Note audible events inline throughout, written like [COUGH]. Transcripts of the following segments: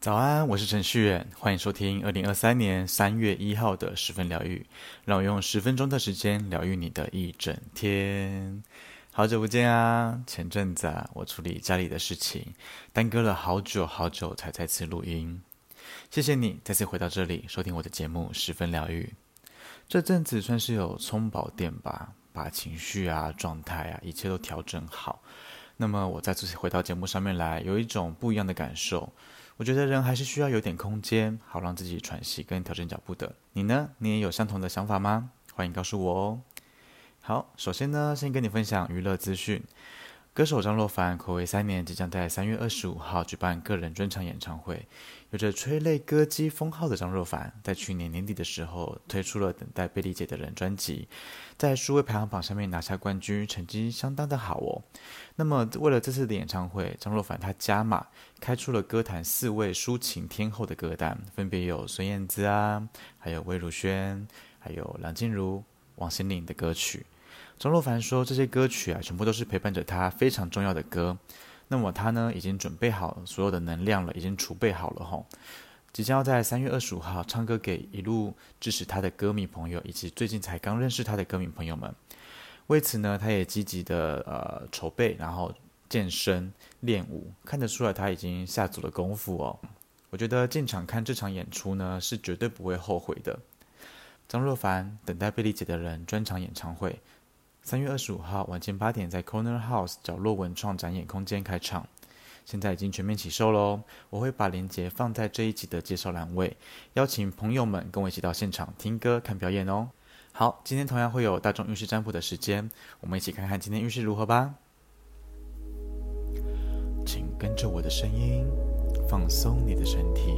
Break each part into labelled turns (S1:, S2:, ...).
S1: 早安，我是陳旭，歡迎收聽二零二三年三月一號的十分療癒。讓我用十分鐘的時間療癒你的一整天。好久不見啊！前陣子啊，我處理家裡的事情，耽擱了好久好久才再次錄音。謝謝你再次回到這裡收聽我的節目《十分療癒》。這陣子算是有充飽電吧？把情緒啊、狀態啊，一切都調整好。那麼我再次回到節目上面來，有一種不一樣的感受。我覺得人還是需要有點空間，好讓自己喘息跟調整腳步的。你呢？你也有相同的想法嗎？歡迎告訴我哦。好，首先呢，先跟你分享娛樂資訊。歌手張若凡暌違三年，即將在三月二十五號舉辦個人專場演唱會。有着“催淚歌姬”封號的張若凡，在去年年底的時候推出了《等待被理解的人》專輯，在數位排行榜上面拿下冠軍，成績相當的好哦。那麼為了這次的演唱會，張若凡他加碼開出了歌壇四位抒情天後的歌單，分別有孫燕姿啊，還有魏如萱，還有梁靜茹、王心凌的歌曲。張若凡說：“這些歌曲啊，全部都是陪伴着他非常重要的歌。那麼他呢，已經準備好所有的能量了，已經儲備好了吼，即將要在三月二十五號唱歌給一路支持他的歌迷朋友，以及最近才剛認識他的歌迷朋友們。為此呢，他也積極的呃籌備，然後健身、練舞，看得出來他已經下足了功夫哦。我覺得進場看這場演出呢，是絕對不會後悔的。”張若凡等待被理解的人專場演唱會。三月二十五號晚間八點，在 Corner House 角落文創展演空間開唱，現在已經全面起售嘍！我會把鏈接放在這一集的介紹欄位，邀請朋友們跟我一起到現場聽歌、看表演哦。好，今天同樣會有大眾運勢占卜的時間，我們一起看看今天運勢如何吧。請跟着我的聲音，放鬆你的身體，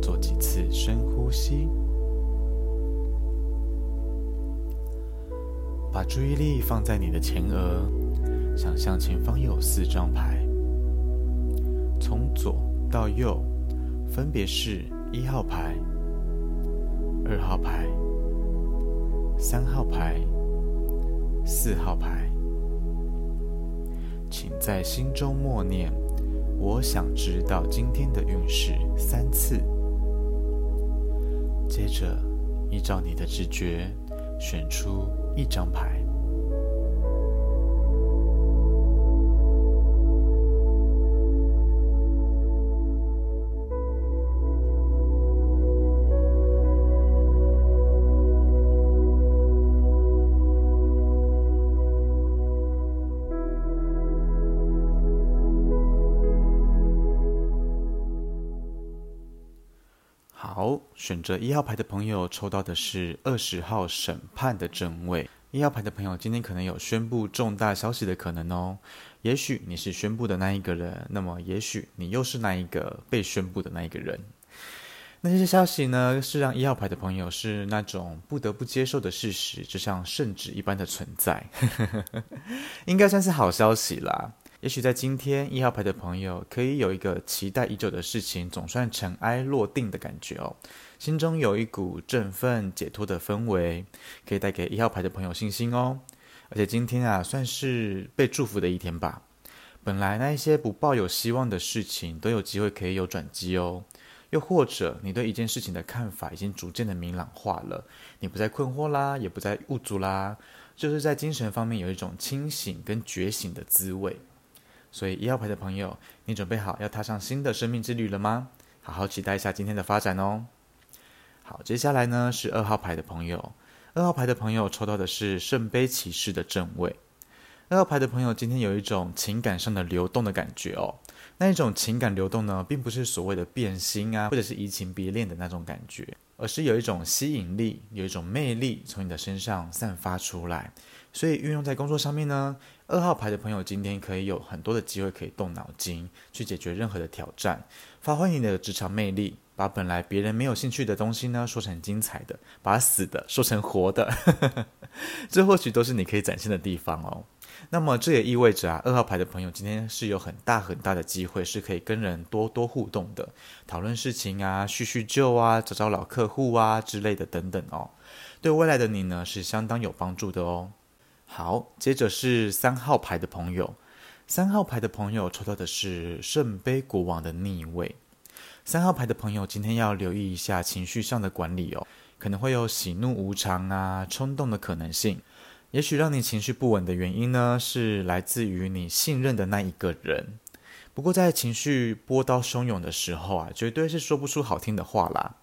S1: 做幾次深呼吸。把注意力放在你的前額，想象前方有四張牌，從左到右，分別是：一號牌、二號牌、三號牌、四號牌。請在心中默念“我想知道今天的運勢”三次。接着，依照你的直覺選出。一張牌。選擇一號牌的朋友抽到的是二十號審判的正位。一號牌的朋友今天可能有宣布重大消息的可能哦。也許你是宣布的那一個人，那麼也許你又是那一個被宣布的那一個人。那些消息呢，是讓一號牌的朋友是那種不得不接受的事實，就像聖旨一般的存在， [LAUGHS] 應該算是好消息啦。也許在今天，一號牌的朋友可以有一個期待已久的事情總算塵埃落定的感覺哦，心中有一股振奮解脫的氛圍，可以帶給一號牌的朋友信心哦。而且今天啊，算是被祝福的一天吧。本來那一些不抱有希望的事情都有機會可以有轉機哦。又或者你對一件事情的看法已經逐漸的明朗化了，你不再困惑啦，也不再無助啦，就是在精神方面有一種清醒跟覺醒的滋味。所以一號牌的朋友，你準備好要踏上新的生命之旅了嗎？好好期待一下今天的發展哦。好，接下來呢，是二號牌的朋友。二號牌的朋友抽到的是聖杯騎士的正位。二號牌的朋友今天有一種情感上的流動的感覺哦。那一種情感流動呢，並不是所謂的變心啊，或者是移情別戀的那種感覺。而是有一種吸引力，有一種魅力從你的身上散發出來。所以運用在工作上面呢，二號牌的朋友今天可以有很多的機會，可以動腦筋去解決任何的挑戰，發揮你的職場魅力，把本來別人沒有興趣的東西呢說成精彩的，把死的說成活的， [LAUGHS] 這或許都是你可以展現的地方哦。那麼這也意味着啊，二號牌的朋友今天是有很大很大的機會，是可以跟人多多互動的，討論事情啊，敘敘舊啊，找找老客戶啊之類的等等哦，對未來的你呢是相當有幫助的哦。好，接着是三號牌的朋友，三號牌的朋友抽到的是聖杯國王的逆位，三號牌的朋友今天要留意一下情緒上的管理哦，可能會有喜怒無常啊、衝動的可能性。也許讓你情緒不穩的原因呢，是來自於你信任的那一個人。不過，在情緒波濤洶湧的時候啊，絕對是說不出好聽的話啦。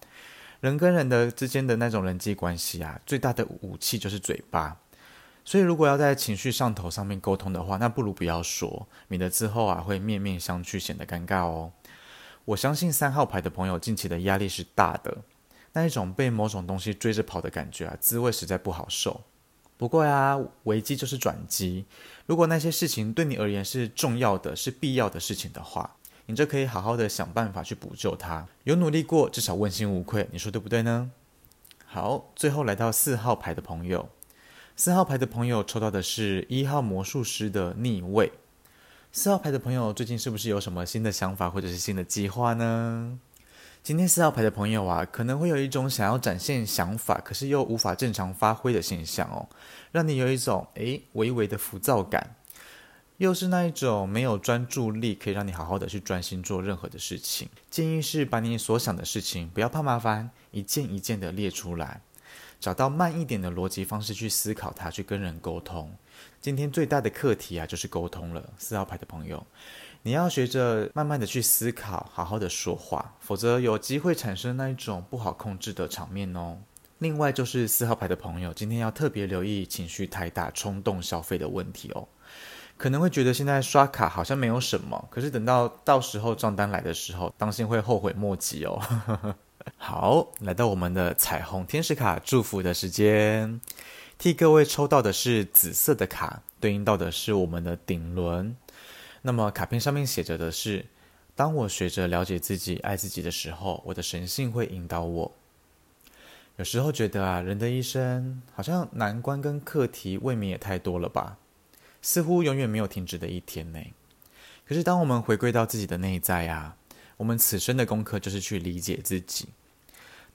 S1: 人跟人的之間的那種人際關係啊，最大的武器就是嘴巴。所以，如果要在情緒上頭上面溝通的話，那不如不要說，免得之後啊會面面相覷，顯得尷尬哦。我相信三號牌的朋友近期的壓力是大的，那一種被某種東西追着跑的感覺啊，滋味實在不好受。不過呀、啊，危機就是轉機。如果那些事情對你而言是重要的、是必要的事情的話，你就可以好好的想辦法去補救它。有努力過，至少問心無愧。你說對不對呢？好，最後來到四號牌的朋友，四號牌的朋友抽到的是一號魔術師的逆位。四號牌的朋友最近是不是有什麼新的想法或者是新的計劃呢？今天四號牌的朋友啊，可能會有一種想要展現想法，可是又無法正常發揮的現象哦，讓你有一種誒、欸，微微的浮躁感，又是那一種沒有專注力，可以讓你好好的去專心做任何的事情。建議是把你所想的事情，不要怕麻煩，一件一件的列出來，找到慢一點的邏輯方式去思考它，去跟人溝通。今天最大的課題啊，就是溝通了。四號牌的朋友。你要學着慢慢的去思考，好好的說話，否則有機會產生那一種不好控制的場面哦。另外就是四號牌的朋友，今天要特別留意情緒太大、衝動消費的問題哦。可能會覺得現在刷卡好像沒有什麼，可是等到到時候賬單來的時候，當心會後悔莫及哦。 [LAUGHS] 好，來到我們的彩虹天使卡祝福的時間，替各位抽到的是紫色的卡，對應到的是我們的頂輪。那麼卡片上面寫着的是：當我學着了解自己、愛自己的時候，我的神性會引導我。有時候覺得啊，人的一生好像難關跟課題未免也太多了吧，似乎永遠沒有停止的一天呢。可是當我們回歸到自己的內在啊，我們此生的功課就是去理解自己。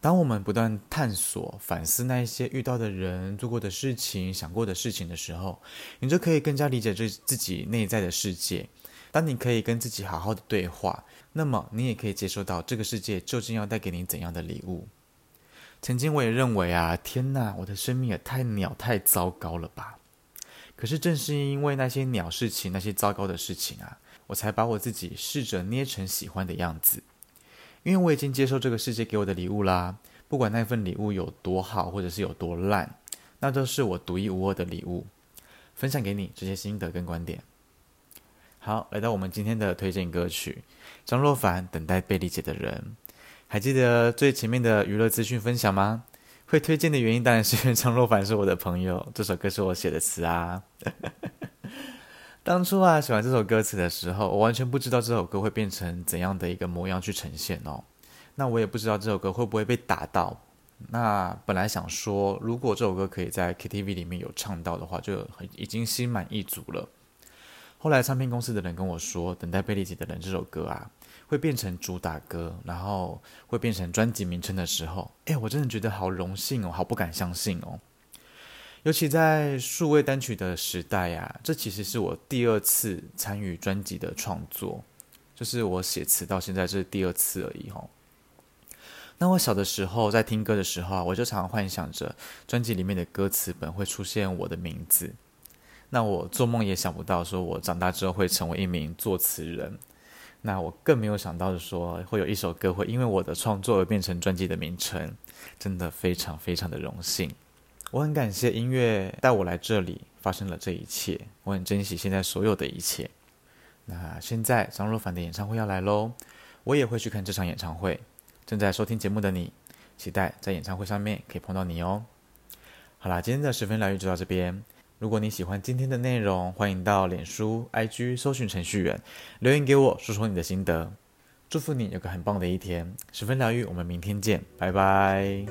S1: 當我們不斷探索、反思那一些遇到的人、做過的事情、想過的事情的時候，你就可以更加理解這自己內在的世界。當你可以跟自己好好的對話，那麼你也可以接受到這個世界究竟要帶給你怎樣的禮物。曾經我也認為啊，天哪，我的生命也太鳥，太糟糕了吧。可是正是因為那些鳥事情、那些糟糕的事情啊，我才把我自己試着捏成喜歡的樣子。因為我已經接受這個世界給我的禮物啦，不管那份禮物有多好，或者是有多爛，那都是我獨一無二的禮物。分享給你這些心得跟觀點。好，來到我們今天的推薦歌曲，張若凡《等待被理解的人》。還記得最前面的娛樂資訊分享嗎？會推薦的原因當然是因為張若凡是我的朋友，這首歌是我寫的詞啊。 [LAUGHS] 當初啊，喜歡這首歌詞的時候，我完全不知道這首歌會變成怎樣的一個模樣去呈現哦。那我也不知道這首歌會不會被打到。那本來想說，如果這首歌可以在 KTV 裡面有唱到的話，就很已經心滿意足了。後來唱片公司的人跟我說，等待被理解的人這首歌啊，會變成主打歌，然後會變成專輯名稱的時候，哎，我真的覺得好榮幸哦，好不敢相信哦。尤其在數位單曲的時代呀、啊，這其實是我第二次參與專輯的創作，就是我寫詞到現在這、就是第二次而已吼。那我小的時候在聽歌的時候啊，我就常幻想着專輯裡面的歌詞本會出現我的名字。那我做夢也想不到，說我長大之後會成為一名作詞人。那我更沒有想到是說，會有一首歌會因為我的創作而變成專輯的名稱，真的非常非常的榮幸。我很感謝音樂帶我來這裡，發生了這一切。我很珍惜現在所有的一切。那現在張若凡的演唱會要來嘍，我也會去看這場演唱會。正在收聽節目的你，期待在演唱會上面可以碰到你哦。好啦，今天的十分療癒就到這邊。如果你喜歡今天的內容，歡迎到臉書、IG 搜尋程序員留言給我，說說你的心得。祝福你有個很棒的一天。十分療癒，我們明天見，拜拜。